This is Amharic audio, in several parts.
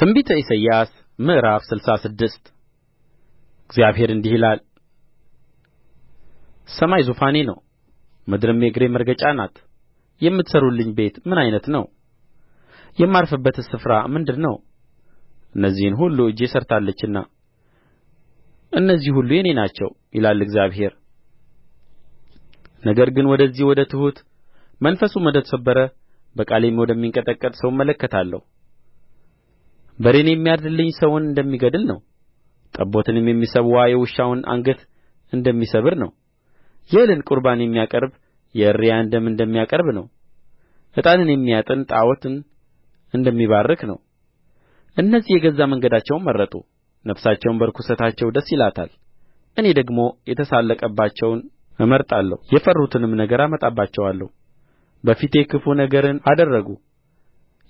ትንቢተ ኢሳይያስ ምዕራፍ ስልሳ ስድስት እግዚአብሔር እንዲህ ይላል ሰማይ ዙፋኔ ነው ምድርም የእግሬ መረገጫ ናት የምትሠሩልኝ ቤት ምን ዓይነት ነው የማርፍበትስ ስፍራ ምንድር ነው እነዚህን ሁሉ እጄ ሠርታለችና እነዚህ ሁሉ የእኔ ናቸው ይላል እግዚአብሔር ነገር ግን ወደዚህ ወደ ትሑት መንፈሱም ወደ ተሰበረ በቃሌም ወደሚንቀጠቀጥ ሰው እመለከታለሁ በሬን የሚያርድልኝ ሰውን እንደሚገድል ነው ጠቦትንም የሚሠዋ የውሻውን አንገት እንደሚሰብር ነው የእህልን ቍርባን የሚያቀርብ የእሪያን ደም እንደሚያቀርብ ነው ዕጣንን የሚያጥን ጣዖትን እንደሚባርክ ነው እነዚህ የገዛ መንገዳቸውን መረጡ ነፍሳቸውም በርኵሰታቸው ደስ ይላታል እኔ ደግሞ የተሳለቀባቸውን እመርጣለሁ የፈሩትንም ነገር አመጣባቸዋለሁ በፊቴ ክፉ ነገርን አደረጉ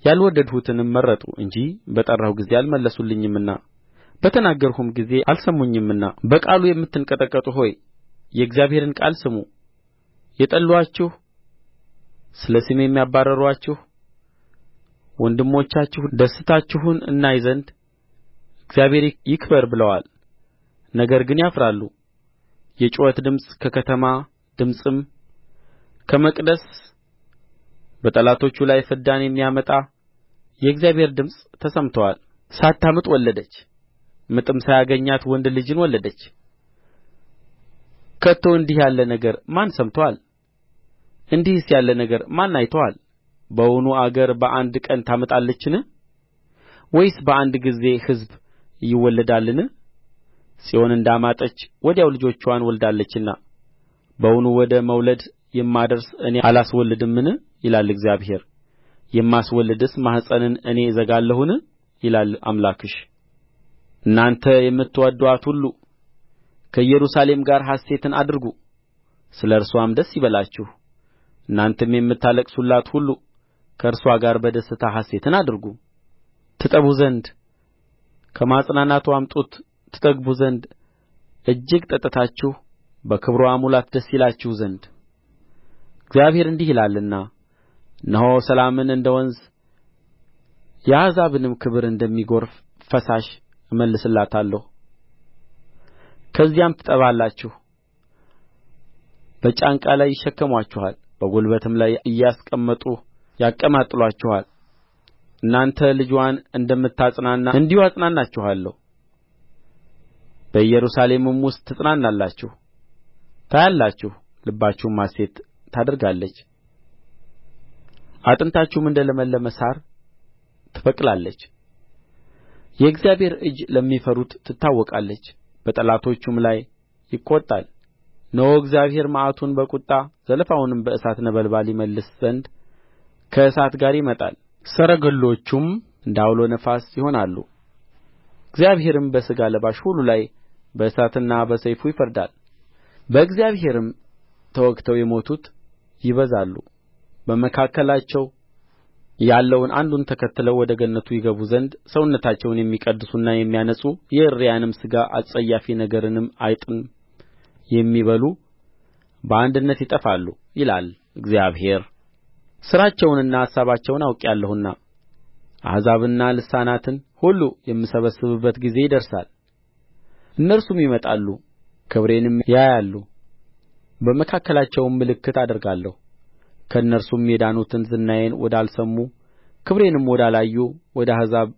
ያልወደድሁትንም መረጡ እንጂ በጠራሁ ጊዜ አልመለሱልኝምና በተናገርሁም ጊዜ አልሰሙኝምና በቃሉ የምትንቀጠቀጡ ሆይ የእግዚአብሔርን ቃል ስሙ የጠሉአችሁ ስለ ስሜም ያባረሩአችሁ ወንድሞቻችሁ ደስታችሁን እናይ ዘንድ እግዚአብሔር ይክበር ብለዋል ነገር ግን ያፍራሉ የጩኸት ድምፅ ከከተማ ድምፅም ከመቅደስ በጠላቶቹ ላይ ፍዳን የሚያመጣ የእግዚአብሔር ድምፅ ተሰምቶአል ሳታምጥ ወለደች ምጥም ሳያገኛት ወንድ ልጅን ወለደች ከቶ እንዲህ ያለ ነገር ማን ሰምቶአል እንዲህስ ያለ ነገር ማን አይቶአል በውኑ አገር በአንድ ቀን ታምጣለችን ወይስ በአንድ ጊዜ ሕዝብ ይወለዳልን ጽዮን እንዳማጠች ወዲያው ልጆችዋን ወልዳለችና በውኑ ወደ መውለድ የማደርስ እኔ አላስወልድምን ይላል እግዚአብሔር የማስወልድስ ማኅፀንን እኔ እዘጋለሁን ይላል አምላክሽ እናንተ የምትወድዱአት ሁሉ ከኢየሩሳሌም ጋር ሐሤትን አድርጉ ስለ እርስዋም ደስ ይበላችሁ እናንተም የምታለቅሱላት ሁሉ ከእርስዋ ጋር በደስታ ሐሤትን አድርጉ ትጠቡ ዘንድ ከማጽናናትዋም ጡት ትጠግቡ ዘንድ እጅግ ጠጥታችሁ በክብርዋ ሙላት ደስ ይላችሁ ዘንድ እግዚአብሔር እንዲህ ይላልና እነሆ ሰላምን እንደ ወንዝ የአሕዛብንም ክብር እንደሚጐርፍ ፈሳሽ እመልስላታለሁ ከዚያም ትጠባላችሁ በጫንቃ ላይ ይሸከሙአችኋል በጕልበትም ላይ እያስቀመጡ ያቀማጥሉአችኋል እናንተ ልጅዋን እንደምታጽናና እንዲሁ አጽናናችኋለሁ በኢየሩሳሌምም ውስጥ ትጽናናላችሁ ታያላችሁ ልባችሁም ሐሤት ታደርጋለች አጥንታችሁም እንደ ለምለም ሣር ትበቅላለች የእግዚአብሔር እጅ ለሚፈሩት ትታወቃለች በጠላቶቹም ላይ ይቈጣል እነሆ እግዚአብሔር መዓቱን በቍጣ ዘለፋውንም በእሳት ነበልባል ይመልስ ዘንድ ከእሳት ጋር ይመጣል ሰረገሎቹም እንደ ዐውሎ ነፋስ ይሆናሉ እግዚአብሔርም በሥጋ ለባሽ ሁሉ ላይ በእሳትና በሰይፉ ይፈርዳል በእግዚአብሔርም ተወግተው የሞቱት ይበዛሉ በመካከላቸው ያለውን አንዱን ተከትለው ወደ ገነቱ ይገቡ ዘንድ ሰውነታቸውን የሚቀድሱና የሚያነጹ የእሪያንም ሥጋ አስጸያፊ ነገርንም አይጥን የሚበሉ በአንድነት ይጠፋሉ ይላል እግዚአብሔር ሥራቸውንና አሳባቸውን አውቄአለሁና አሕዛብንና ልሳናትን ሁሉ የምሰበስብበት ጊዜ ይደርሳል እነርሱም ይመጣሉ ክብሬንም ያያሉ በመካከላቸውም ምልክት አደርጋለሁ ከእነርሱም የዳኑትን ዝናዬን ወዳልሰሙ ክብሬንም ወዳላዩ ወደ አሕዛብ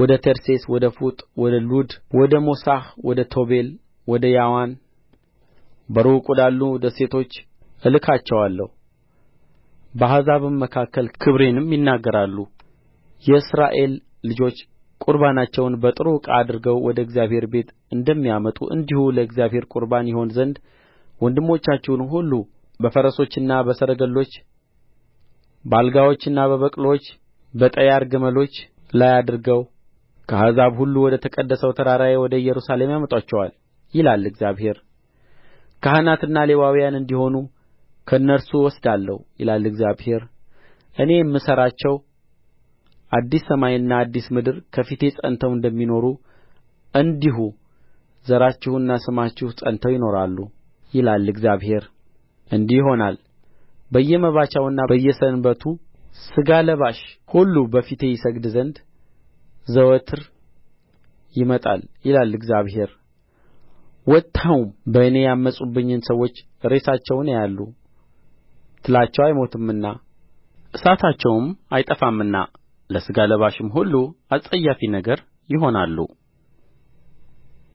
ወደ ተርሴስ ወደ ፉጥ ወደ ሉድ ወደ ሞሳሕ ወደ ቶቤል ወደ ያዋን በሩቅ ወዳሉ ደሴቶች እልካቸዋለሁ በአሕዛብም መካከል ክብሬንም ይናገራሉ የእስራኤል ልጆች ቍርባናቸውን በጥሩ ዕቃ አድርገው ወደ እግዚአብሔር ቤት እንደሚያመጡ እንዲሁ ለእግዚአብሔር ቍርባን ይሆን ዘንድ ወንድሞቻችሁን ሁሉ በፈረሶችና በሰረገሎች በአልጋዎችና በበቅሎች በጠያር ግመሎች ላይ አድርገው ከአሕዛብ ሁሉ ወደ ተቀደሰው ተራራዬ ወደ ኢየሩሳሌም ያመጡአቸዋል ይላል እግዚአብሔር ካህናትና ሌዋውያን እንዲሆኑ ከእነርሱ እወስዳለሁ ይላል እግዚአብሔር እኔ የምሠራቸው አዲስ ሰማይና አዲስ ምድር ከፊቴ ጸንተው እንደሚኖሩ እንዲሁ ዘራችሁና ስማችሁ ጸንተው ይኖራሉ ይላል እግዚአብሔር እንዲህ ይሆናል በየመባቻውና በየሰንበቱ ሥጋ ለባሽ ሁሉ በፊቴ ይሰግድ ዘንድ ዘወትር ይመጣል ይላል እግዚአብሔር ወጥተውም በእኔ ያመፁብኝን ሰዎች ሬሳቸውን ያያሉ ትላቸው አይሞትምና እሳታቸውም አይጠፋምና ለሥጋ ለባሽም ሁሉ አስጸያፊ ነገር ይሆናሉ